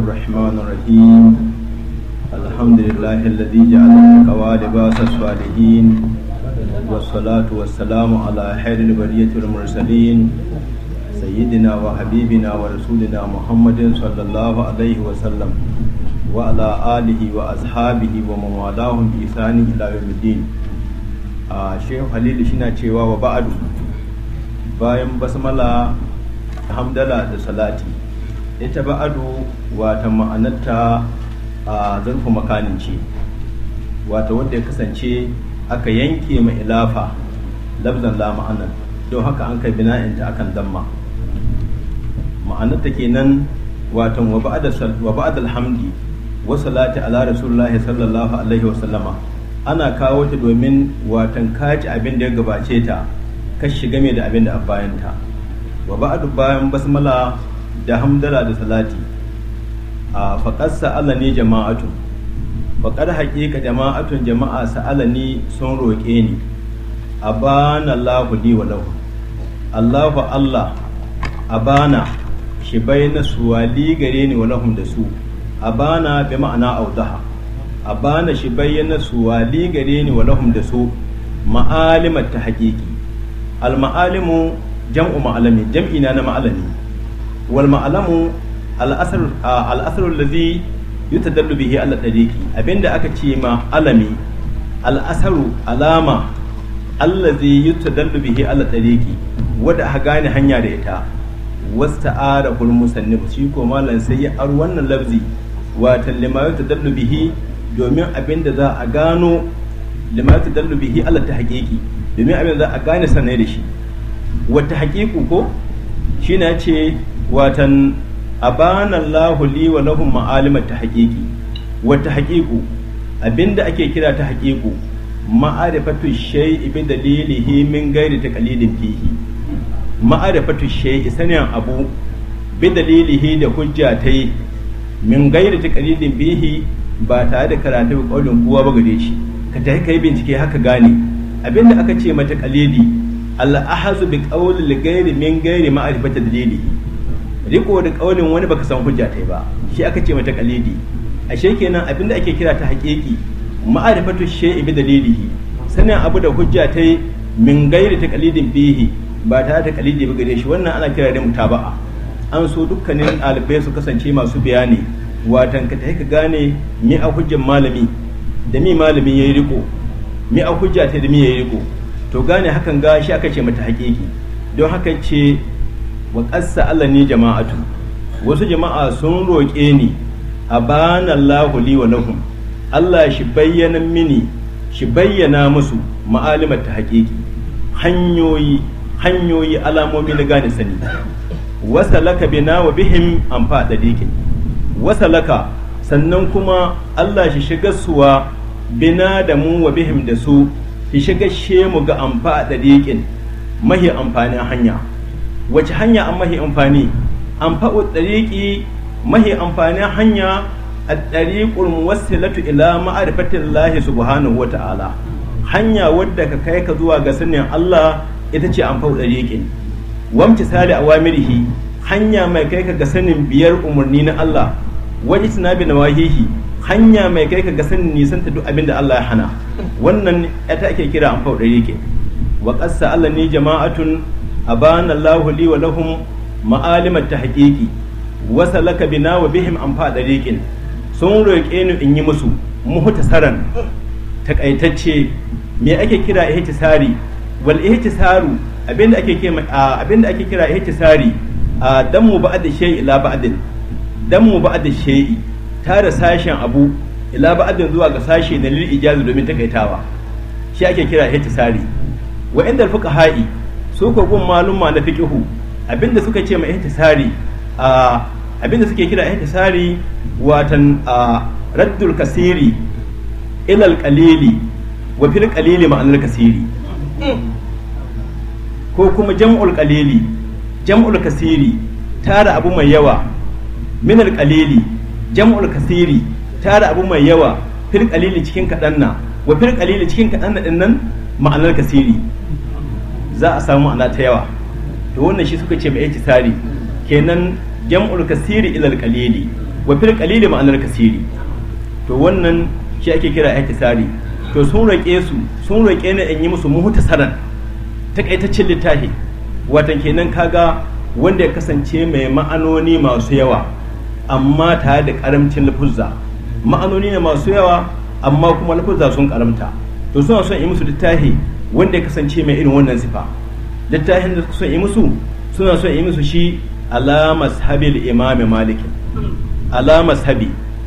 الرحمن الرحيم الحمد لله الذي جعل التقوى لباس الصالحين والصلاة والسلام على خير البرية المرسلين سيدنا وحبيبنا ورسولنا محمد صلى الله عليه وسلم وعلى آله وأصحابه ومن والاهم بإحسان إلى يوم الدين شيخ خليل شنا cewa wa ba'adu bayan basmala hamdala da salati ita ado wata ma'anarta a zurfu makanin ce wata wanda ya kasance aka yanke ma ilafa labzan la ma'anar don haka an kai bina'inta akan damma ma'anarta kenan watan wa ba'ad alhamdi wa salati ala rasulullahi sallallahu alaihi wa sallama ana kawo ta domin watan kaci abin da ya gabace ta ka shiga mai da abin da a ta wa ba'adu bayan basmala da hamdala da salati a faƙar sa'ala ne jama'atun faƙar haƙiƙa jama'atun jama'a sa'ala ne sun roƙe ni a bana lahu ni wa lahu allahu allah a bana shi bai na suwali gare ni wa lahum da su a bana bi ma'ana audaha a bana shi na suwali gare ni wa lahum da su ma'alimat ta haƙiƙi al-ma'alimu jam'u ma'alami jam'ina na ma'alami wal ma'alamu al'asar lazi yutadallu bihi ala dariqi abinda aka ce ma alami al'asaru alama ta yutadallu bihi ala dariqi wanda ha gane hanya da ita wasta'ara kul musannif shi ko malan sai ya ar wannan labzi watan lima yutadallu bihi domin abinda za a gano lima yutadallu bihi ala tahqiqi domin abinda za a gane sanai da shi wata haqiqu ko shi na ce watan abana Allahu li wa lahum ma'alimat tahqiqi wa tahqiqu abinda ake kira ta haqiqu ma'arifatu shay'i bi dalilihi min ghairi taqlidin fihi ma'arifatu shay'i sanin abu bi dalilihi da hujjatai min ghairi taqlidin fihi ba tare da karatu kaulin kowa ba gare shi ka tafi kai bincike haka gane abinda aka ce mata qalidi al ahazu bi qawli li ghairi min ghairi ma'rifati dalilihi riko da kaulin wani baka san hujja ta ba shi aka ce mata kalidi ashe kenan abin da ake kira ta haƙiƙi ma'arifatu shay'i bi dalilihi sanin abu da hujja ta min gairi ta kalidin bihi ba tare ta kalidi ba gare shi wannan ana kira da mutaba'a an so dukkanin ɗalibai su kasance masu bayani watan ka gane mi a hujjan malami da mi malamin yayi riko mi a hujja ta da mi yayi riko to gane hakan ga shi aka ce mata haƙiƙi don haka ce wa Allah ne jama'atu wasu jama'a sun roƙe ni abana Allahu li wa lahum Allah shi bayyana mini shi bayyana musu ma'alimar ta haƙiƙi hanyoyi hanyoyi alamomi na gane sani bi bina wa bihim an faɗa wasa laka sannan kuma Allah shi shiga suwa bina da mu wa bihim da su shi shiga shemu ga amfa faɗa dikin mahi amfanin hanya wace hanya an mahi amfani an fa'u ɗariƙi mahi amfani hanya a tsariƙul wasilatu ila ma'arifatin lahi subhanahu wa ta'ala hanya wadda ka kai ka zuwa ga sanin Allah ita ce an fa'u tsariƙin wamci sali a wamirhi hanya mai kai ka ga sanin biyar umarni na Allah wani sinabi na wahihi hanya mai kai ka ga sanin nisan ta duk abin da Allah ya hana wannan ita ake kira an fa'u tsariƙin wa ƙasa Allah ne jama'atun abana Allahu li wa lahum ma'alim at-tahqiqi wa salaka bina wa bihim an fa sun roƙe ni in yi musu muhtasaran takaitacce me ake kira ihtisari wal ihtisaru abinda ake kira abinda ake kira ihtisari damu ba'd shay'i ila ba'din damu ba'd shay'i tare sashen abu ila ba'din zuwa ga sashe dalil ijazi domin takaitawa shi ake kira ihtisari wa inda al-fuqaha'i su ko gun malumma na fiqihu abinda suka ce ma ihtisari a abinda suke kira ihtisari watan a raddul kasiri ilal qalili wa fil qalili ma'anar kasiri ko kuma jam'ul qalili jam'ul kasiri tara abu mai yawa al qalili jam'ul kasiri tara abu mai yawa fil qalili cikin kadanna wa fil qalili cikin kadanna dinnan ma'anar kasiri za a samu ana ta yawa to wannan shi suka ce mai tsari kenan jam'ul kasiri ilal qalili wa fil qalili ma'anar kasiri to wannan shi ake kira tsari to sun rake su sun rake ne in yi musu muhtasaran takaitaccen littafi watan kenan kaga wanda ya kasance mai ma'anoni masu yawa amma tare da karamcin lafuzza ma'anoni ne masu yawa amma kuma lafuzza sun karamta to suna son yi musu littafi wanda ya kasance mai irin wannan sifa littafin da son yi musu suna son yi musu shi alamas mashabil imami malik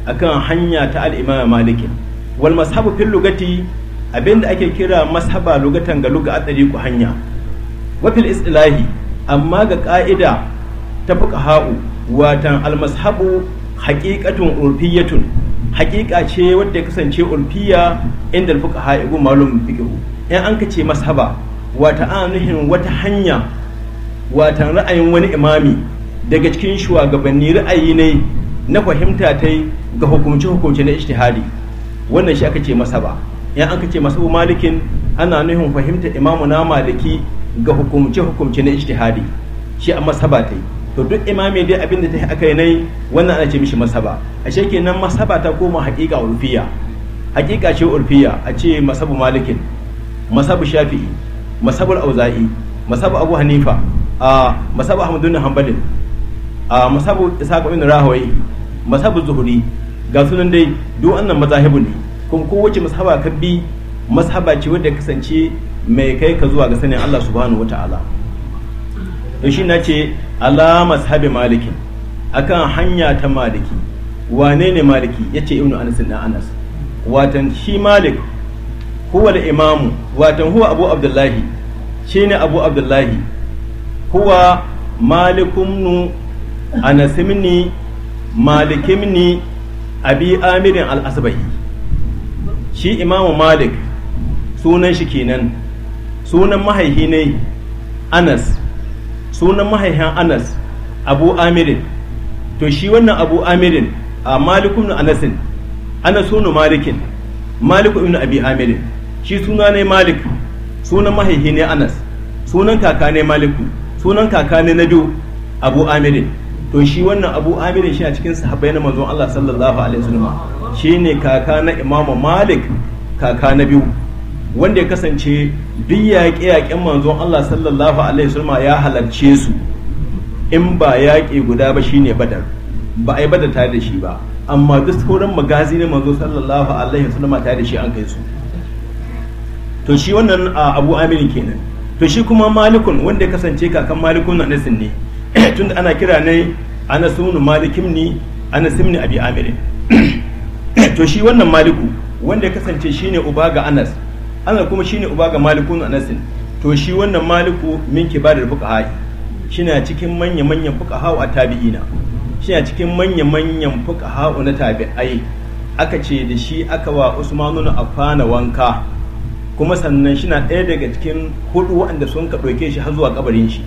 akan hanya ta al imam wal mashabu fil lugati abinda ake kira mashaba lugatan ga luga adari ku hanya wa fil istilahi amma ga ka'ida ta fuka ha'u watan al mashabu haqiqatun urfiyatun haqiqa ce wadda ya kasance urfiya inda fuka fuqaha'i malum fikihu in an ka ce masaba, wata anuhin wata hanya wata ra'ayin wani imami daga cikin shugabanni ra'ayi ne na fahimta ta ga hukumce hukumce na ijtihadi wannan shi aka ce masaba in an ka ce masabu malikin ana nuhin fahimta imamu na maliki ga hukumce hukumce na ijtihadi shi a masaba ta to duk imami dai abin da ta yi aka yi nai wannan ana ce mishi masaba a kenan masaba ta koma haƙiƙa urfiya haƙiƙa ce urfiya a ce masabu malikin masabu shafi'i masabu auza'i masabu abu hanifa a masabu ahmadu hanbalin a masabu isaac bin rahawai masabu zuhuri ga sunan dai duk wannan mazahibu ne kuma kowace masaba ka bi masaba ce wadda kasance mai kai ka zuwa ga sanin Allah subhanahu wata'ala to shi na ce ala mashabi maliki akan hanya ta maliki wane ne maliki yace ibnu anas na anas watan shi malik huwa da imamu watan huwa abu abdullahi shine abu abdullahi huwa malikumnu anasimni malikimni abi amirin al shi imamu malik sunan shi kenan sunan mahaihi ne anas sunan mahaihin anas abu amirin to shi wannan abu amirin a malikun anasin ana sunu malikin maliku ibn abi amirin shi suna ne malik sunan mahaihi ne anas sunan kaka ne maliku sunan kaka ne na abu amirin to shi wannan abu amirin shi a cikin sahabbai na manzon Allah sallallahu alaihi wasallam shi ne kaka na imamu malik kaka na biyu wanda ya kasance duk yaƙe yaƙen manzon Allah sallallahu alaihi wasallam ya halarce su in ba yaƙi guda ba ne badar ba a yi badar tare da shi ba amma duk sauran magazi na manzo sallallahu alaihi wasallam tare da shi an kai su to shi wannan abu amirin kenan to shi kuma malikun wanda ya kasance kakan malikun na nasin ne tunda ana kira ne ana sunu malikim ni ana simni abi amirin to shi wannan maliku wanda ya kasance shi ne uba ga anas anas kuma shi ne uba ga malikun na anasin to shi wannan maliku min kibarar fuqaha shina cikin manya manyan fuqaha a tabi'ina shina cikin manya manyan fuqaha na tabi'ai aka ce da shi aka wa usmanu na afana wanka kuma sannan shi na ɗaya daga cikin hudu waɗanda sun ka ɗauke shi har zuwa kabarin shi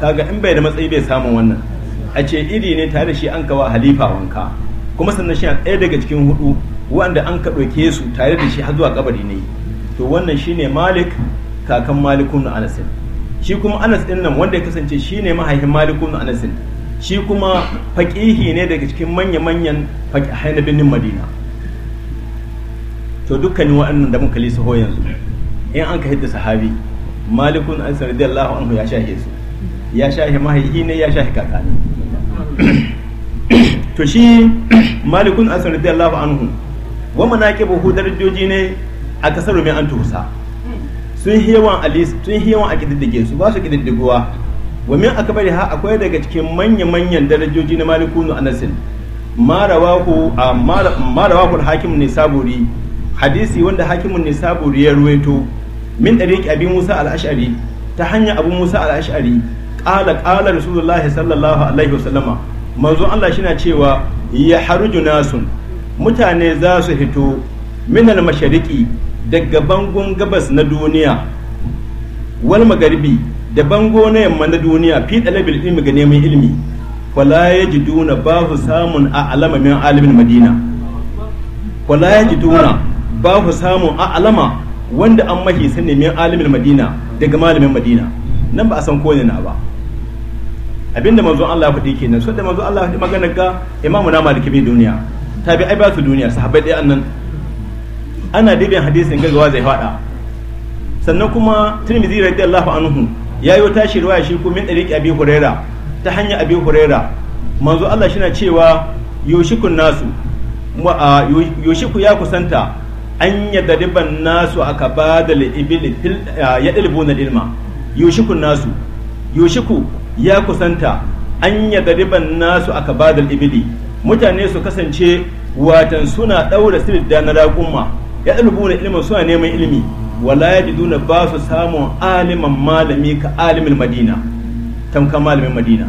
kaga in bai da matsayi bai samun wannan a ce iri ne tare da shi an kawa halifa wanka kuma sannan shi na ɗaya daga cikin hudu waɗanda an ka ɗauke su tare da shi har zuwa kabari ne to wannan shine malik kakan malikun na anasin shi kuma anas ɗin nan wanda ya kasance shine mahaifin malikun na anasin shi kuma faƙihi ne daga cikin manya-manyan faƙihai na birnin madina to dukkanin wa'annan da muka lisa yanzu in an ka hidda sahabi malikun an sardi Allahu anhu ya shahe su ya shahe mahaihi ne ya shahe kakani to shi malikun an sardi Allahu anhu wa manaqibuhu darajoji ne a kasar mai an tuhusa sun hewan alis sun hewan a kididdige su ba su kididdiguwa wa min akbari ha akwai daga cikin manya-manyan darajoji na malikunu anasin ma rawahu ma rawahu hakim ne saburi hadisi wanda hakimun nisabu ya ruwaito min dariq abi musa al ta hanyar abu musa al-ash'ari qala qala rasulullah sallallahu alaihi wasallama manzo Allah shi na cewa ya haruju nasun mutane za su hito min al daga bangon gabas na duniya wal magharibi da bango na yamma na duniya fi talabil ilmi ga neman ilmi wala yajiduna babu samun a alama min alimin madina wala yajiduna ba ku a alama wanda an mahi sani min alimin madina daga malamin madina nan ba a san ko na ba abinda manzo Allah ya faɗi kenan so da manzo Allah ya faɗi maganar ga imamu na maliki bi duniya tabi ai ba su duniya sahabbai dai annan ana dibin hadisin gaggawa zai faɗa sannan kuma Tirmidhi radiyallahu anhu yayi wata shi riwaya shi ko min dariqi Abi Huraira ta hanya Abi Huraira manzo Allah shi na cewa yushikun nasu yushiku ya kusanta an yadriban nasu aka ba da ya dalibuna ilma yoshiku nasu yoshiku ya kusanta an yadriban nasu aka ba da ibili mutane su kasance watan suna sirri da na raƙumma ya na ilma suna neman ilimi wala ya yajiduna ba su samun aliman malami ka alimin madina tamkan malamin madina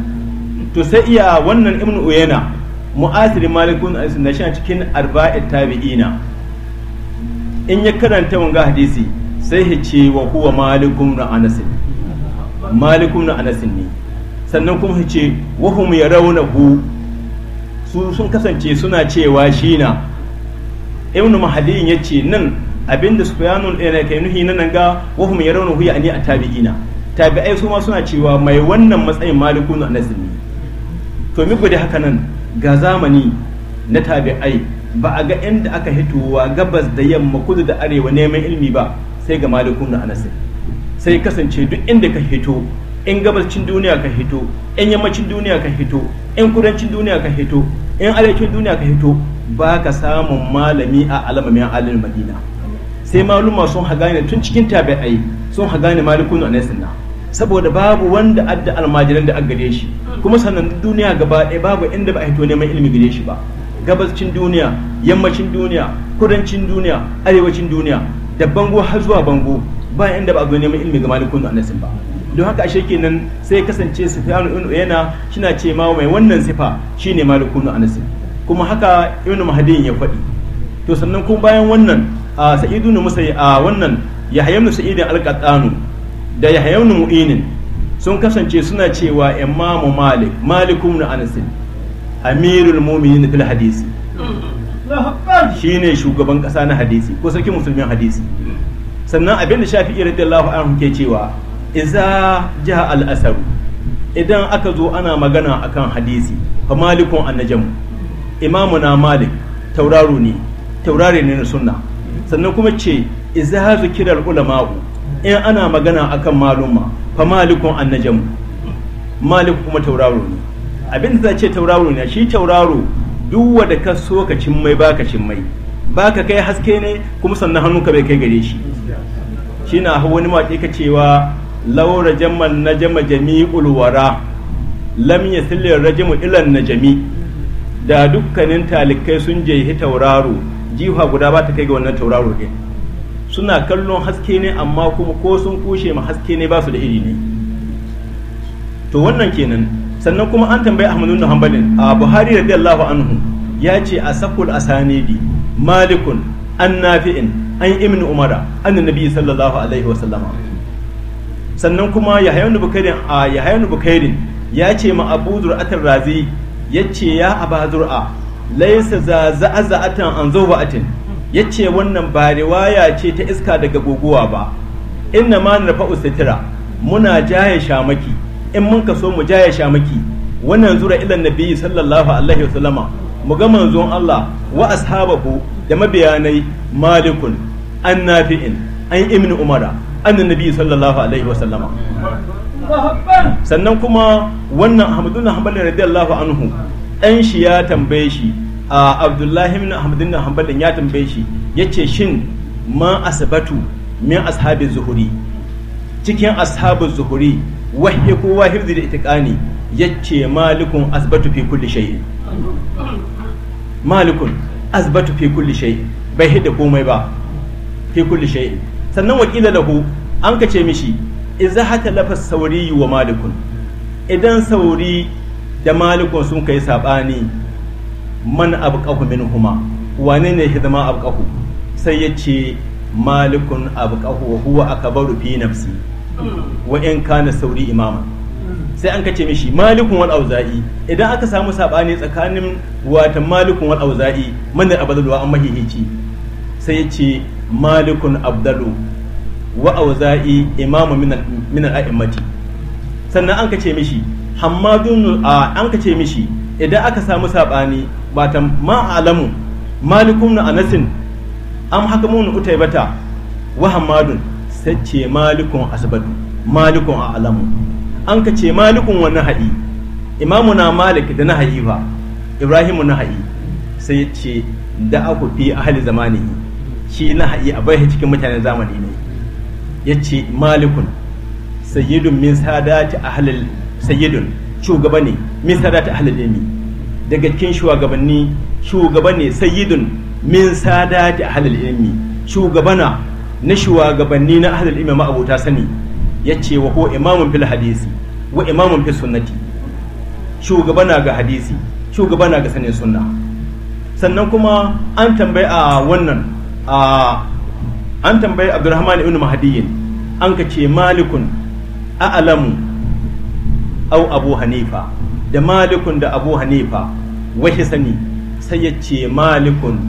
to sai iya wannan ibnu uyana mu'asir malikun al-sunnah cikin arba'at tabi'ina in ya karanta wanga hadisi sai ya ce wa huwa malikum na anasin malikum na anasin ne sannan kuma ya ce wa rauna yarawnahu su sun kasance suna cewa shi na ibnu mahaliyin ya ce nan abinda sufyanun ɗaya kai nuhi nan ga wa rauna ku ya ani a tabi'ina tabi'ai su ma suna cewa mai wannan matsayin malikun anasin ne to mi gudu haka nan ga zamani na tabi'ai ba a ga inda aka hitowa gabas da yamma kudu da arewa neman ilmi ba sai ga malikun na anas sai kasance duk inda ka hito in gabascin duniya ka hito in yammacin duniya ka hito in kudancin duniya ka hito in arewacin duniya ka hito ba ka samun malami a alamamin alin madina sai maluma sun hagane tun cikin tabi'ai sun hagane malikun anas na saboda babu wanda adda almajiran da a gare shi kuma sannan duniya gaba ɗaya babu inda ba a hito neman ilmi gare shi ba gabascin duniya yammacin duniya kudancin duniya arewacin duniya da bango har zuwa bango ba inda ba a zuwa neman ilimi ga malikun annasin ba don haka ashe kenan sai kasance sufyanu ibn uyana shina ce ma mai wannan sifa shine malikun annasin kuma haka ibn mahdiyin ya faɗi to sannan kuma bayan wannan a sa'idu ne musa a wannan yahya ibn sa'idin al da yahya ibn mu'inin sun kasance suna cewa imamu malik malikun annasin amirul mu'minin fil hadisi mm. ne shugaban ƙasa na hadisi ko sarki musulmin hadisi sannan abin da shafi shafi'i radiyallahu anhu ke cewa iza jaha al idan aka zo ana magana akan hadisi fa malikun annajam imamu na malik tauraro ne taurare ne na sunna sannan kuma ce iza zikira al ulama'u in ana magana akan maluma fa malikun annajam malik kuma tauraro ne abin da ce tauraro ne shi tauraro duk wanda ka so ka cin mai baka cin mai baka kai haske ne kuma sannan hannunka ka bai kai gare shi shi na wani maƙi ka cewa laura jamal na jama jami'ul wara lam sille rajimu ilan na jami da dukkanin talikai sun jehi tauraro jiha guda ba ta kai ga wannan tauraro din suna kallon haske ne amma kuma ko sun kushe ma haske ne ba su da iri ne to wannan kenan sannan kuma an tambayi ahmadu bin hanbalin a buhari radiyallahu anhu ya ce a sakul asanidi malikun an nafi'in an ibn umara an nabi sallallahu alaihi wa sallama sannan kuma yahya ibn bukairin a ya ibn bukairin ya ce ma abu zur'atar razi ya ce ya aba zur'a laisa za an zawba'atin ya ce wannan ba riwaya ce ta iska daga guguwa ba inna ma narfa'u sitira muna jaye shamaki in mun ka so mu jaya shamaki wannan zura ilan nabiyyi sallallahu alaihi sallama mu ga manzon Allah wa ashabahu da mabiyanai malikun an nafi'in an ibn umara annan nabiyyi sallallahu alaihi sallama. sannan kuma wannan ahmadun hanbali radiyallahu anhu dan shi ya tambaye shi a abdullahi ibn ahmadun hanbali ya tambaye shi yace shin ma asbatu min ashabi zuhuri cikin ashabu zuhuri wahyi kowa hifzi da itiqani yace malikun asbatu fi kulli shay malikun asbatu fi kulli shay bai hidda komai ba fi kulli shay sannan wakila lahu an kace mishi idza hata lafas sauri wa malikun idan sauri da malikun sun kai sabani man abqahu minhuma wane ne hidima abqahu sai yace malikun abqahu huwa akbaru fi nafsi wa in kana sauri imama sai an kace mishi malikun wal auza'i idan aka samu sabani tsakanin watan malikun wal auza'i man abdalu wa amma hihici sai ya ce malikun abdalu wa auza'i imamu min al a'immati sannan an kace mishi hammadun an kace mishi idan aka samu sabani watan ma alamu malikun anasin am hakamun utaybata wa hammadun sace malikun asbatu malikun a'lamu an ka ce malikun wani haɗi imamu na malik da na haɗi ba ibrahimu na haɗi sai ce da aku fi ahli zamani shi na haɗi a bai cikin mutanen zamani ne ya ce malikun sayyidun min sadati ahlil sayyidun shugaba ne min sadati ahlil ilmi daga cikin shugabanni shugaba ne sayyidun min sadati ahlil ilmi shugabana na shugabanni na ahlul imama ta sani ya ce wa ko imamun fil hadisi wa imamun fil sunnati shugabana ga hadisi shugabana ga sanin sunna sannan kuma an tambayi a wannan a an tambayi abdurrahman ibn mahdiyin an ka ce malikun a'lamu au abu hanifa da malikun da abu hanifa wahi sani sai ya ce malikun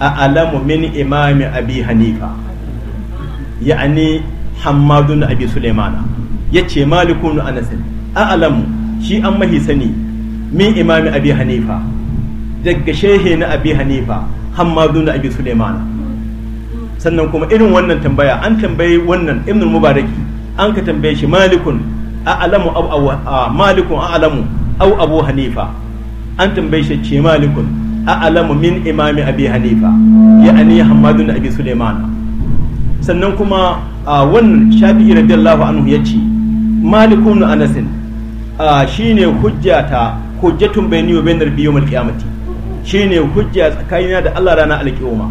a'lamu min imami abi hanifa ya'ani na abi sulaimana yace malikun anas a'lamu shi an mahi sani min imami abi hanifa daga shehe na abi hanifa na abi sulaimana sannan kuma irin wannan tambaya an tambayi wannan ibn mubaraki an ka tambaye shi malikun a a'lamu a malikun a a'lamu aw abu hanifa an tambaye shi ce malikun a a'lamu min imami abi hanifa ya'ani na abi sulaimana sannan kuma a wannan shafi'i radiyallahu anhu ya ce malikun anasin shine hujjata hujjatun bayni wa biyo malkiyamati shi ne hujja tsakanina da Allah rana alƙiyoma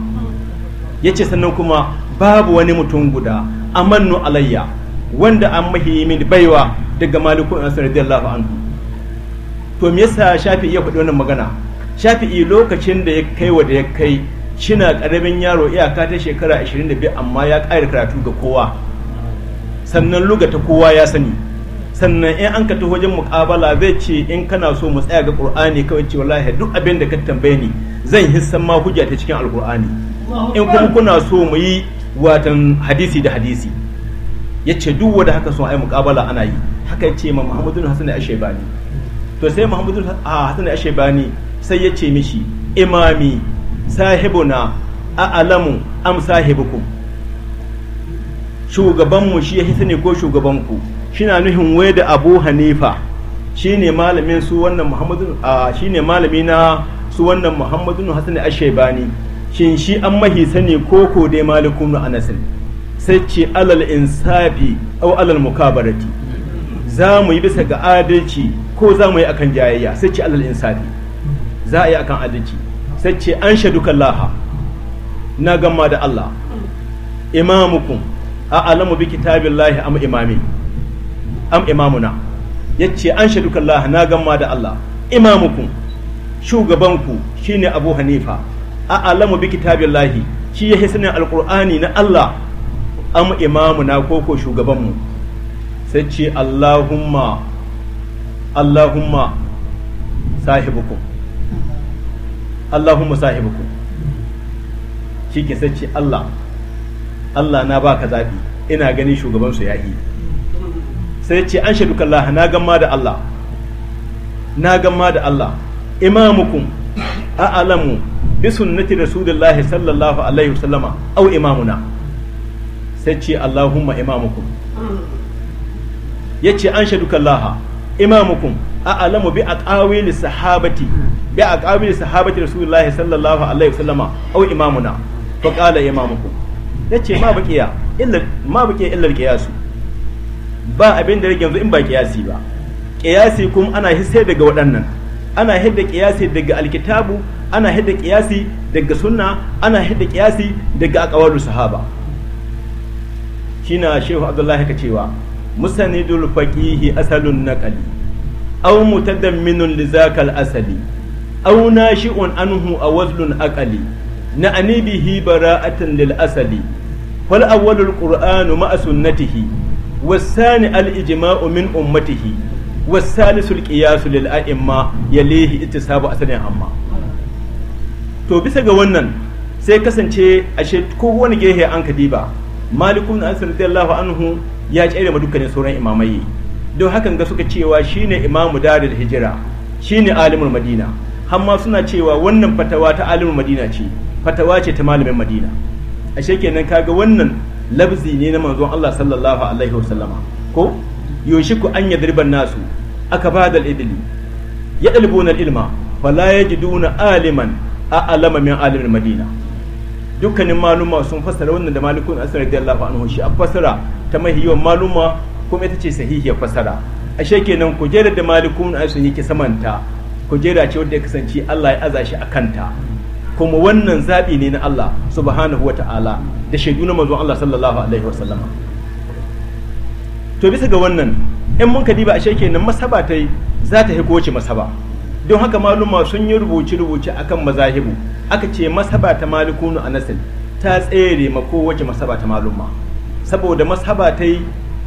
yace sannan kuma babu wani mutum guda a amannu alayya wanda an mahi min baiwa daga malikun anasin radiyallahu anhu to me yasa shafi'i ya faɗi wannan magana shafi'i lokacin da ya kai wa da ya kai shina karamin yaro iyaka ta shekara 25 amma ya ƙayar karatu ga kowa sannan luga ta kowa ya sani sannan in an ka taho wajen muƙabala zai ce in kana so mu tsaya ga qur'ani kawai ce wallahi duk abin da ka tambaye ni zan hissan ma hujja ta cikin alqur'ani in kuma kuna so mu yi watan hadisi da hadisi ya ce duk wanda haka son yi muƙabala ana yi haka ya ce ma muhammadu hasan ashebani to sai muhammadu hasan ashebani sai ya ce mishi imami sahibuna a'lamu am sahibukum shugabanmu shi ya sani ko shugabanku na nuhin wai da Abu Hanifa ne malamin su wannan Muhammadu ne malami na su wannan Muhammadu Hassan hasani shaybani shin shi an mahi sani ko ko dai Malikun anasin sai ce alal insafi au alal mukabarati za mu yi bisa ga adalci ko za mu yi akan jayayya sai ce alal insafi za a yi akan adalci sai ce an shaduka laha na gama da Allah imamukum a alamu bi lahi am imami am imamuna ce an shaduka laha na gama da Allah imamukum shugabanku shine Abu Hanifa a alamu bi lahi, shi ya sanin Alkur'ani na Allah am imamuna koko shugabanmu sai ce Allahumma Allahumma sahibukum Allahumma sahibukum shi ke sace Allah Allah na baka zaɓi ina ganin shugabansu ya yi sai ce an shaidu kallaha na gamma da Allah na gamma da Allah imamukum a'lamu bi sunnati rasulillahi sallallahu alaihi wasallama au imamuna sai ce Allahumma imamukum yace an Laha kallaha imamukum a'lamu bi a aqawili sahabati bi aqabil sahabati rasulullahi sallallahu alaihi wasallama au imamuna fa qala imamukum yace ma baqiya illa ma baqiya illa qiyas ba abin da yanzu in ba qiyasi ba qiyasi kuma ana hisse daga waɗannan ana hidda qiyasi daga alkitabu ana hidda qiyasi daga sunna ana hidda qiyasi daga aqwalu sahaba shina shehu abdullahi ka cewa musanidul faqihi asalun naqali aw mutadamminun lizakal asali shi on anhu a wazlun akali na anibihi bara'atan lil asali fal awwalul qur'anu ma'a sunnatihi والثاني الإجماع من أمته والثالث القياس للأئمة يليه اتساب أسنى amma. to bisa ga wannan sai kasance ashe kowane gehe an kadiba malikun an anhu ya tsere ma dukkanin sauran imamai don hakan ga suka cewa shine imamu darul hijira shine alimul madina hamma suna cewa wannan fatawa ta alimin madina ce fatawa ce ta malamin madina a kenan kaga wannan labzi ne na manzon Allah sallallahu alaihi wasallama ko yushiku an yadriban nasu aka bada al-idli yadlibuna al-ilma la yajiduna aliman a alama min alimin madina dukkanin maluma sun fassara wannan da malikun asir radiyallahu anhu shi a fasara ta mahiyon maluma kuma ita ce sahihiyar fasara ashe kenan jera da malikun asir yake samanta kujera ce wadda ya kasance Allah ya aza shi a kanta kuma wannan zaɓi ne na Allah subhanahu wata'ala da shaidu na manzon Allah sallallahu alaihi wasallama to bisa ga wannan 'yan mun ka diba ashe nan masaba ta za ta haiko wace masaba don haka maluma sun yi rubuce rubuce akan mazahibu aka ce masaba ta malikunu anasil ta tsere ma kowace masaba ta maluma saboda masaba ta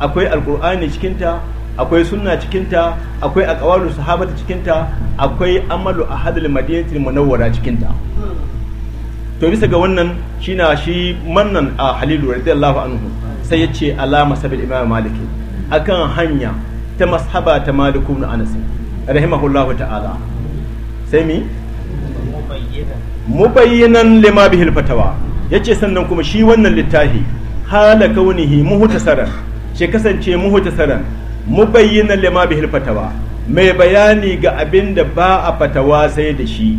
akwai alkur'ani cikinta akwai sunna cikinta akwai aqwalu sahabata cikinta akwai amalu ahadul madinatul munawwara cikinta to bisa ga wannan shi shi mannan a halilu radiyallahu anhu sai ya ce alama sabil imam maliki akan hanya ta mashaba ta maliku ibn anas rahimahullahu ta'ala sai mi mubayyinan lima bihil fatawa yace sannan kuma shi wannan littafi hala kaunihi muhtasaran shi kasance muhtasaran mubayyana lima bihil fatawa mai bayani ga abin da ba a fatawa sai da shi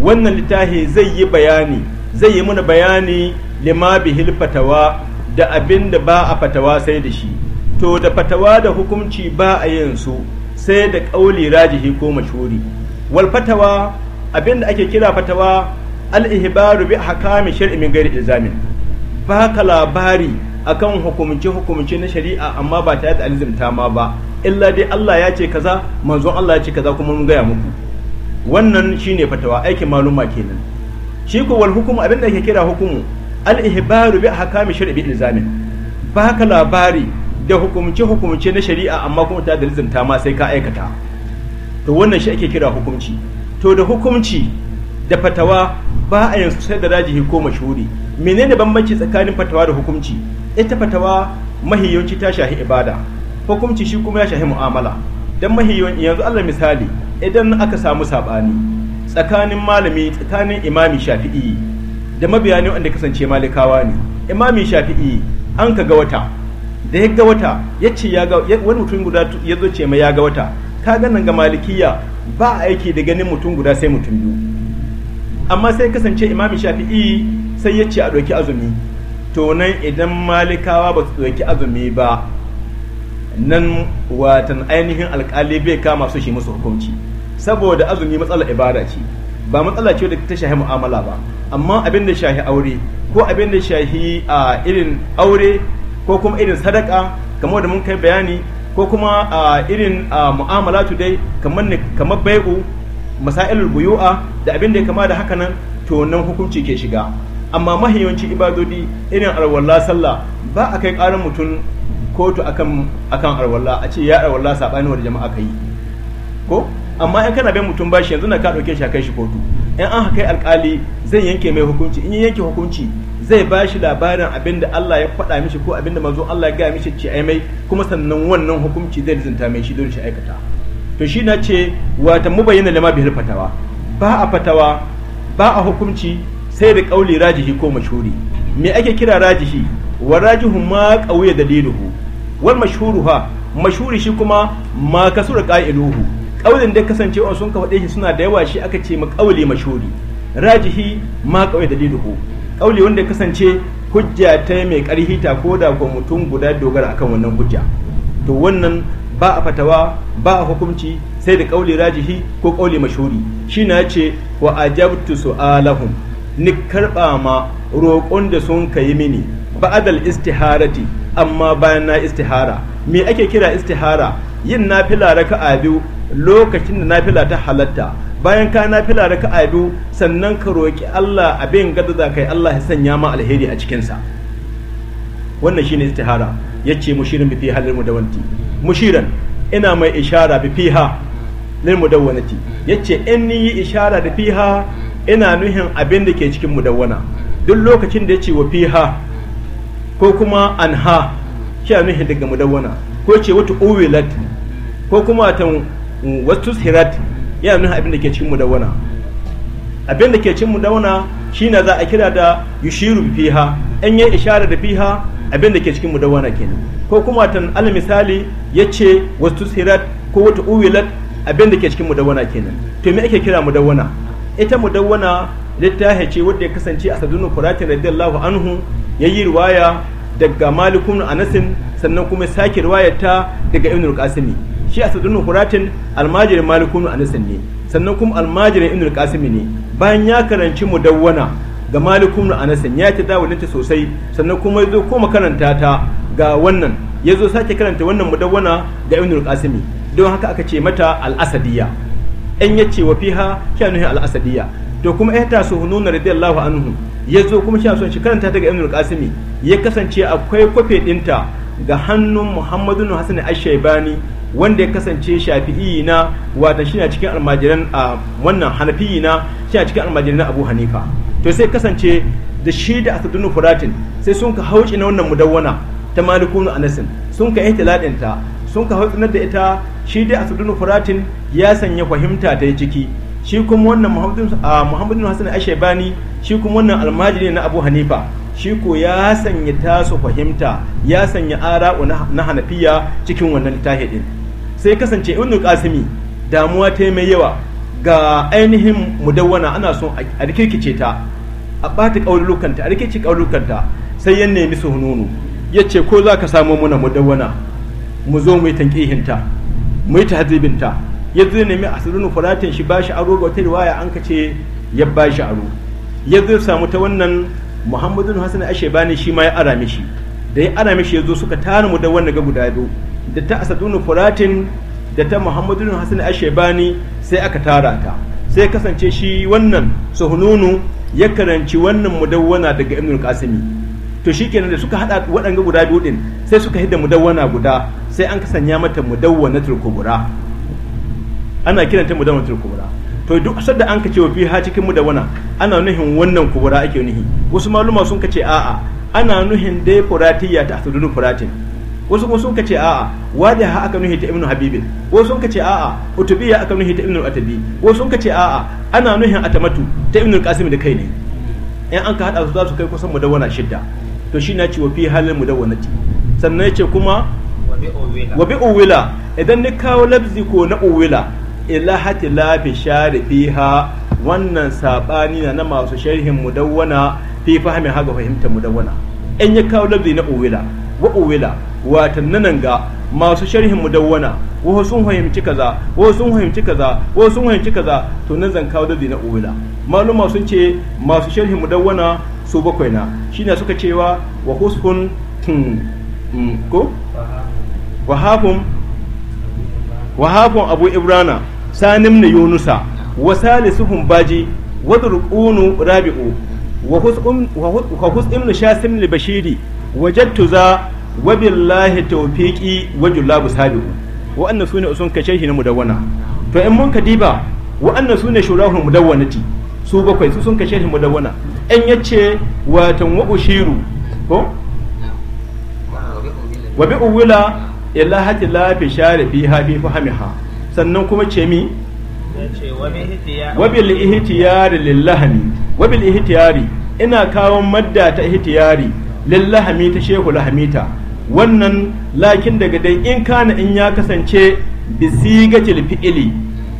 wannan littafi zai yi bayani zai yi mana bayani lima hilfatawa fatawa da abin da ba a fatawa sai da shi to da fatawa da hukunci ba a yin su sai da kauli rajihi ko mashuri wal fatawa abin da ake kira fatawa al ihbaru bi hakami shar'i min ghairi ilzamin baka labari akan hukumce hukumce na shari'a amma ba tare da ta ma ba illa dai Allah ya ce kaza manzon Allah ya ce kaza kuma mun gaya muku wannan shine fatawa aikin maluma kenan shi ko wal hukumu abin da ake kira hukumu al ihbaru bi ahkami shar'i bi ilzamin ka labari da hukumce hukumce na shari'a amma kuma ta da ta ma sai ka aikata to wannan shi ake kira hukumci to da hukumci da fatawa ba a yanzu sai da rajihi ko mashhuri menene bambanci tsakanin fatawa da hukumci ita fatawa mahiyanci ta shahi ibada hukunci shi kuma ya shahi mu'amala don mahiyan yanzu Allah misali idan aka samu saɓani. tsakanin malami tsakanin imami shafi'i da mabiya ne wanda kasance malikawa ne imami shafi'i an ka ga wata da ya ga wata ya ce ya ga wani mutum guda ya zo ce mai ya ga wata ka ga ga malikiya ba a aiki da ganin mutum guda sai mutum biyu amma sai kasance imami shafi'i sai ya ce a ɗauki azumi to nan idan malikawa ba su ɗauki azumi ba nan watan ainihin alkali bai kama su shi musu hukunci saboda azumi matsala ibada ce ba matsala ce da ta shahi mu'amala ba amma abin da shahi aure ko abin da shahi a irin aure ko kuma irin sadaka kamar da mun kai bayani ko kuma a irin mu'amala today kamar kamar bai'u masailul buyu'a da abin da ya kama da haka nan to nan hukunci ke shiga amma mahiyancin ibadodi irin arwalla sallah ba a kai karin mutum kotu akan akan arwalla a ce ya arwalla sabani wa jama'a kai ko amma in kana bai mutum ba shi yanzu na ka dauke shi kai shi kotu in an kai alkali zai yanke mai hukunci in yanke hukunci zai ba shi labarin abinda da Allah ya faɗa mishi ko abin da manzo Allah ya gaya mishi ce ai mai kuma sannan wannan hukunci zai zinta mai shi don shi aikata to shi na ce wata mu bayyana lama bihir fatawa ba a fatawa ba a hukunci sai da kauli rajihi ko mashuri me ake kira rajihi wa rajihu ma qawiyya daliluhu wal ha mashhuri shi kuma ma kasura qailuhu kaulin da kasance on sun ka shi suna da yawa shi aka ce ma kauli mashuri rajihi ma qawiyya daliluhu kauli wanda ya kasance hujja ta mai ƙarfi ta ko da ko mutum guda dogara akan wannan hujja to wannan ba a fatawa ba a hukunci sai da ƙauli rajihi ko ƙauli mashuri shi na ce wa ajabtu su'alahum ni karɓa ma roƙon da sun ka yi mini ba'adal istiharati amma bayan na istihara me ake kira istihara yin na raka raka'a biyu lokacin da na fila ta halatta bayan ka raka raka'a biyu sannan ka roƙi Allah abin gada za kai Allah ya sanya ma alheri a cikinsa wannan shine istihara yace mushirin bi fi halil mudawanti mushiran ina mai ishara bi fiha lil Ya yace in ni yi ishara da fiha ina nuhin abin da ke cikin mudawwana duk lokacin da ya ce wa fiha ko kuma anha shi a nuhin daga mudawwana ko ce wata uwilat ko kuma ta wasu hirat yana nuhin abin da ke cikin mudawwana abin da ke cikin mudawwana shi na za a kira da yushirun fiha in yi ishara da fiha abin da ke cikin mudawwana kenan ko kuma ta al misali ya ce wasu hirat ko wata uwilat abin da ke cikin mudawwana kenan to me ake kira mudawwana ita mudawwana littafi ce wadda ya kasance a sadunin kuratin radiyallahu anhu ya yi riwaya daga malikun anasin sannan kuma sake riwayar ta daga ibnul qasimi shi a sadunin kuratin almajirin malikun anasin ne sannan kuma almajirin ibnul qasimi ne bayan ya karanci mudawwana ga malikun anasin ya ta dawalinta sosai sannan kuma ya zo koma karanta ta ga wannan ya zo sake karanta wannan mudawwana ga ibnul qasimi don haka aka ce mata al in ya ce wa fiha kyanuhin al'asadiya to kuma ya ta su hununa radiyallahu anhu ya zo kuma shi son shi karanta daga ibnul qasimi ya kasance akwai kwafe dinta ga hannun muhammadun hasan ash-shaybani wanda ya kasance shafi'i na wata shi na cikin almajiran a wannan hanafi'i na shi na cikin almajiran abu hanifa to sai kasance da shi da asadun furatin sai sun ka hauci na wannan mudawwana ta malikunu anasin sun ka ta sun ka hautsinar da ita shi dai asudun furatin ya sanya fahimta ta ciki shi kuma wannan muhammadu hassan ashebani shi kuma wannan almajiri na abu hanifa shi ko ya sanya tasu fahimta ya sanya ara na hanafiya cikin wannan tahidin sai kasance ibnu kasimi damuwa ta mai yawa ga ainihin mudawwana ana son a rikirkice ta a ɓata a rikirkice sai ya nemi su hununu ya ce ko za ka samo muna mudawwana mu zo mu yi tanqihinta mu yi tahzibinta ya zo nemi asirinu fulatin shi bashi aro ga wata riwaya an ka ce ya bashi aro ya zo samu ta wannan muhammadu hasan bani shi ma ya ara mishi da ya ara mishi ya zo suka tara mu da wannan ga guda biyu da ta asirinu fulatin da ta muhammadu hasan bani sai aka tara ta sai kasance shi wannan suhununu ya karanci wannan mudawwana daga ibnul qasimi to shikenan da suka hada waɗanga guda biyu din sai suka hidda mudawwana guda sai an kasanya mata mudawwana turkubura ana kiranta mudawwana turkubura to duk da an kace wa fiha cikin mudawwana ana nuhin wannan kubura ake nuhi wasu maluma sun kace a'a ana nuhin dai furatiyya ta asudunu furatin wasu kuma sun kace a'a wajaha aka nuhi ta ibnu habibin wasu sun kace a'a utubiyya aka nuhi ta ibnu atabi wasu sun kace a'a ana nuhin atamatu ta ibnu qasim da kai ne in an ka hada su za su kai kusan mudawwana shidda to shi na ce wa fi halin mudawwanati sannan yace kuma wa bi uwila idan ni kawo labzi ko na uwila ila hati la bi shari fiha wannan sabani na na masu sharhin mu mudawwana fi fahimin haga fahimta mu mudawwana in ya kawo labzi na uwila wa uwila wata nanan ga masu sharhin mudawwana wasu sun fahimci kaza wasu sun fahimci kaza wasu sun fahimci kaza to nan zan kawo labzi na uwila maluma sun ce masu sharhin mudawwana su bakwai na shine suka cewa wa husfun tun mm, ko wahafun wahafun abu ibrana sanim na yunusa wa salisuhum baji wa durqunu rabi'u wa husqum wa husqum shasim li bashiri wajadtu za wa billahi tawfiqi wa julabu sabiu wa anna sunna usun kashehi na mudawana to in mun kadiba wa anna sunna shurahul su bakwai su sun kashe shi mudawwana in yace watan wa ushiru ko wa bi uwila illa hati la fi shari fi ha fi fahmiha sannan kuma ce mi wa bil ihtiyari lillahami wa bil ihtiyari ina kawo madda ta ihtiyari lillahami ta shehu lahamita wannan lakin daga dai in kana in ya kasance bi sigatil fi'ili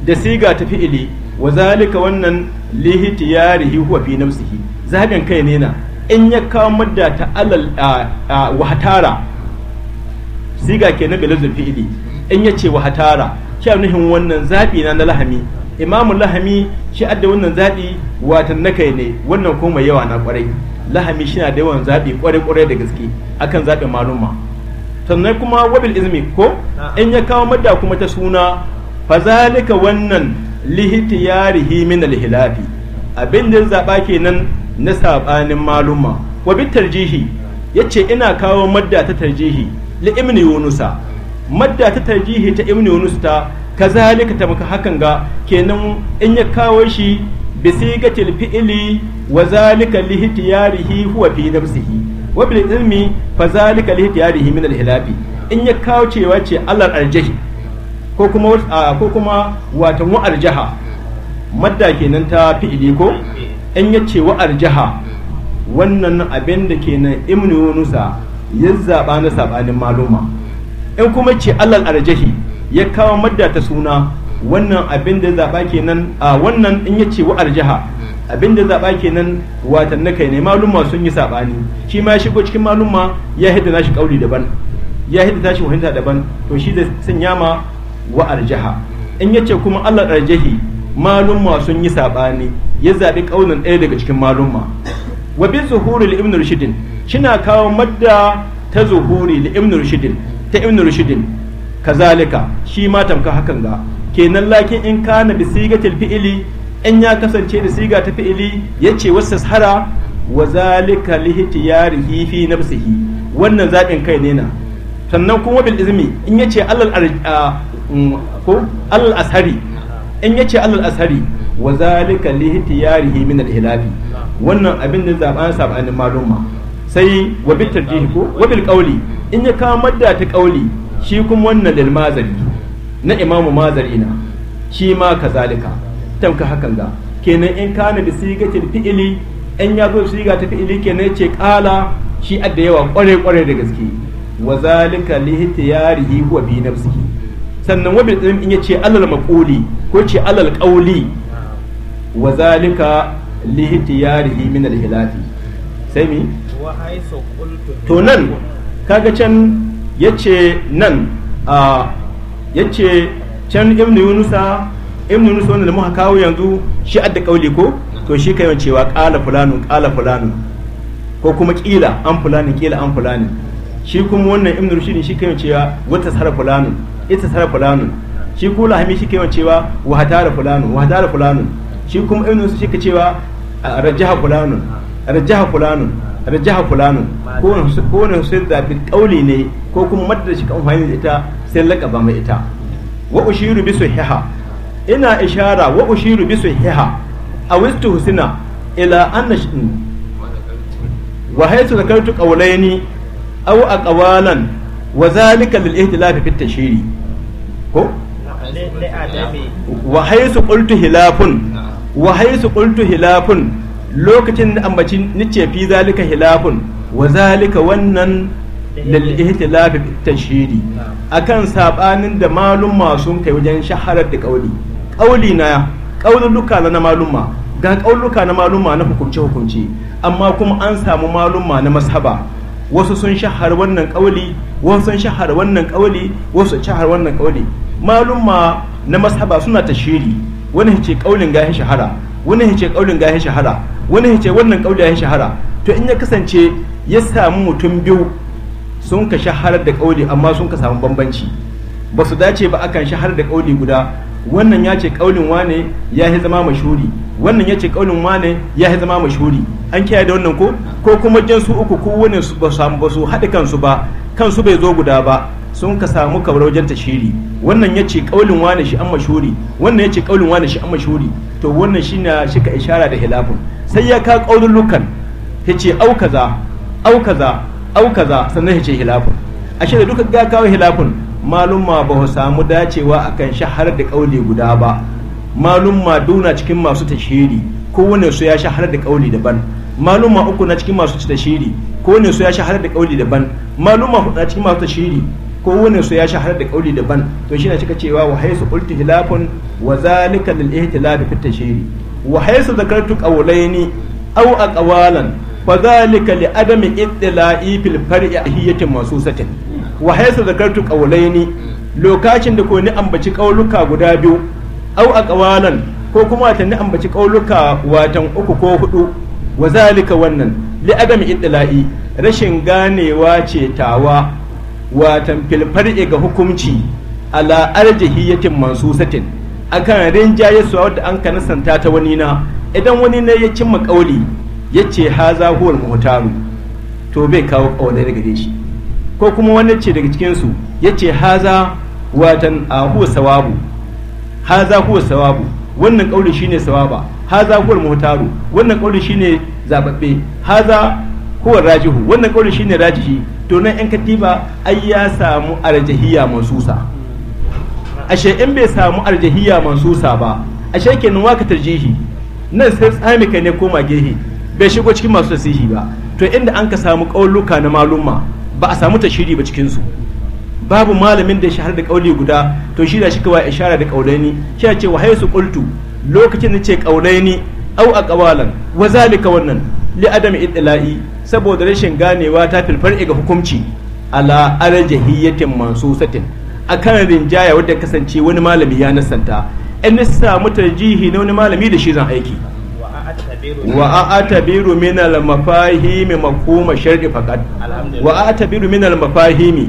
da siga ta fi'ili wa zalika wannan rihi huwa fi nafsihi zaɓin kai ne na in ya kawo madda ta alal wahatara siga kenan bilazul fi'ili in ya ce wahatara shi nuhin wannan zaɓi na na lahami imamu lahami shi adda wannan zaɓi watan na kai ne wannan kuma yawa na kwarai lahami shi na da yawan zaɓi kwarai kwarai da gaske akan zaɓin maluma sannan kuma wabil izmi ko in ya kawo madda kuma ta suna zalika wannan lihitiyarihi min al-hilafi abin da zaba kenan na saɓanin maluma wa bi tarjihi yace ina kawo madda ta tarjihi li ibn yunusa madda ta tarjihi ta ibn yunus ta kazalika ta maka hakan ga kenan in ya kawo shi sigatil fi'ili wa zalika lihtiyarihi huwa fi nafsihi wa bil ilmi fa zalika lihtiyarihi min alhilafi in ya kawo cewa ce alal aljahi ko kuma ko kuma watan wa'ar jaha madda kenan ta fi'ili ko in yace wa'ar jaha wannan abin da kenan imnu yunusa ya zaba na sabanin maluma in kuma ce alal arjahi ya kawo madda ta suna wannan abin da zaba kenan a wannan in yace wa'ar jaha abin da zaba kenan watan na kai ne maluma sun yi sabani shi ma ya shigo cikin maluma ya hidda nashi kauli daban ya hidda tashi wahinta daban to shi da sanya ma wa arjaha in yace kuma Allah arjahi malumma sun yi sabani ya zaɓi kaunin ɗaya daga cikin malumma wa bi zuhuri li ibnu rushidin shina kawo madda ta zuhuri li ibnu rushidin ta ibnu rushidin kazalika shi ma tamka hakan ga kenan lakin in kana bi sigatil fi'ili in ya kasance da siga ta fi'ili yace wasashara wa zalika li ihtiyarihi fi nafsihi wannan zaɓin kai ne na sannan kuma bil izmi in yace allal ah, Mm, ko alal ashari in yace alal ashari wa zalika li ihtiyarihi min al hilafi wannan abin da zaban sabanin maluma sai wa bil tarjih ko wa bil qawli in ya kamar madda ta qawli shi kuma wannan lil mazari na imamu mazari na shi ma kazalika tamka hakan ga kenan in kana da sigatil fi'ili in ya zo siga ta fi'ili kenan ce ƙala shi adda yawa kware kware da gaske wa zalika li ihtiyarihi wa bi nafsihi sannan wabil ilm in yace alal maquli ko ce alal qauli wa zalika li tiyarihi min al hilafi sai mi to nan kaga can yace nan a yace can ibnu yunusa ibnu yunus wanda muka kawo yanzu shi adda kauli ko to shi kai cewa qala fulanu qala fulanu ko kuma kila an fulani, kila an fulani, shi kuma wannan ibnu rushd shi kai cewa wata sara ita sara fulanun shi ko lahami shi ke yawan cewa wa hatara fulanun wa hatara fulanun shi kuma ibnu su shi ke cewa rajaha fulanun rajaha fulanun rajaha fulanun ko wani ko wani sai da bi kauli ne ko kuma madda shi kan fahimta ita sai laqaba mai ita wa ushiru bi sahiha ina ishara wa ushiru bi sahiha awistu husna ila anna wa haythu zakartu qawlaini aw aqwalan wa zalika lil ihtilafi fit tashiri ko wa haythu qultu hilafun wa haythu qultu hilafun lokacin da ambaci nice fi zalika hilafun wa zalika wannan lil ihtilafi fit tashiri akan sabanin da malum sun kai wajen shaharar da kauli kauli na kaululuka na malumma ga kauluka na malumma na hukunce hukunce amma kuma an samu malumma na mashaba wasu sun shahara wannan kauli wasu sun shahara wannan kauli wasu sun shahara wannan kauli ma na masaba suna tashiri wani ce kaulin gahin shahara wani ce kaulin gahin shahara wani ce wannan kauli gahin shahara to in ya kasance ya samu mutum biyu sun ka shaharar da kauli amma sun ka samu bambanci ba su dace ba akan shaharar da kauli guda wannan ya ce kaulin wane ya zama mashuri wannan ya ce kaulin wane ya yi zama mashhuri an kiyaye da wannan ko ko kuma jin su uku ko wani su ba samu ba su haɗi kansu ba kansu bai zo guda ba sun ka samu kabar wajen tashiri wannan ya ce kaulin wane shi an mashhuri wannan ya ce kaulin wane shi an mashhuri to wannan shi na shi ka ishara da hilafin sai ya ka kaulin lukan ya ce au kaza au kaza au kaza sannan ya ce hilafin ashe da duka ga kawo hilafin malumma ba samu dacewa akan shahar da kauli guda ba malum duna cikin masu tashiri kowane su ya shahara da kauli daban ma uku na cikin masu tashiri kowane su ya shahara da kauli daban ma hudu na cikin masu tashiri kowane su ya shahara da kauli daban to shi na cika cewa wa haisu qultu hilafun wa zalika lil ihtilaf fi tashiri wa haisu zakartu qawlaini aw aqwalan fa zalika li adami ittila'i fil far'i ahiyatin masusatin wa haisu zakartu qawlaini lokacin da ko ni ambaci kauluka guda biyu au a aqwalan ko kuma watan ni ambaci kauluka watan uku ko hudu wa zalika wannan li adam idla'i rashin ganewa ce tawa watan filfar'i ga hukunci ala arjihiyatin mansusatin akan rinjaye su wadda an kana santa ta wani na idan wani ne ya cimma kauli ya ce haza huwal muhtaru to bai kawo kaulai daga gare shi ko kuma wani ce daga cikinsu ya ce haza watan ahu sawabu haza kuwa sawabu wannan kauli shine sawaba haza kuwa muhtaru wannan kauli shine zababbe haza kuwa rajihu wannan kauli shine rajihi to nan yan katiba ai ya samu arjahiyya mansusa ashe in bai samu arjahiyya mansusa ba ashe kenan waka tarjihi nan sai tsami ka ne koma gehi bai shigo cikin masu tasihi ba to inda an ka samu kauluka na malumma ba a samu tashiri ba cikin su babu malamin da shahar da kauli guda to shi da shi kawai ishara da ni shi ce wa haisu qultu lokacin da ce ni au aqwalan wa zalika wannan li adam itla'i saboda rashin ganewa ta filfar ga hukunci ala arjahiyatin mansusatin akan rinjaya wanda kasance wani malami ya nasanta in samu tarjihi na wani malami da shi zan aiki wa atabiru min al mafahimi makuma shar'i faqat wa atabiru min al mafahimi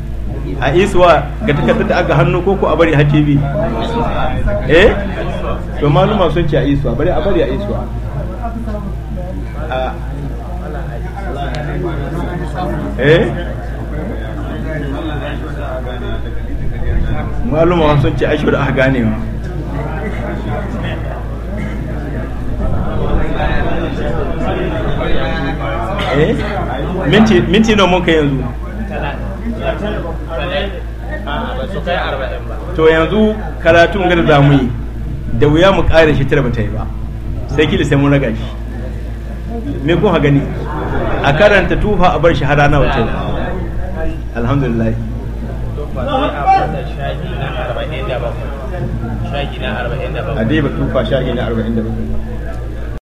a isuwa ga takardar da aka hannu ko ko a bari hake bi eh to maluma sun ce a isuwa bari a bari a isuwa eh maluma sun ce a shi da aka ganewa eh minti minti nawa muka yanzu to yanzu karatun gada za mu yi da wuya mu ƙare shi tara ta yi ba sai kila sai mun raga shi me kun gani a karanta tufa a bar shi har rana wata alhamdulillah adiba tufa shagi na 47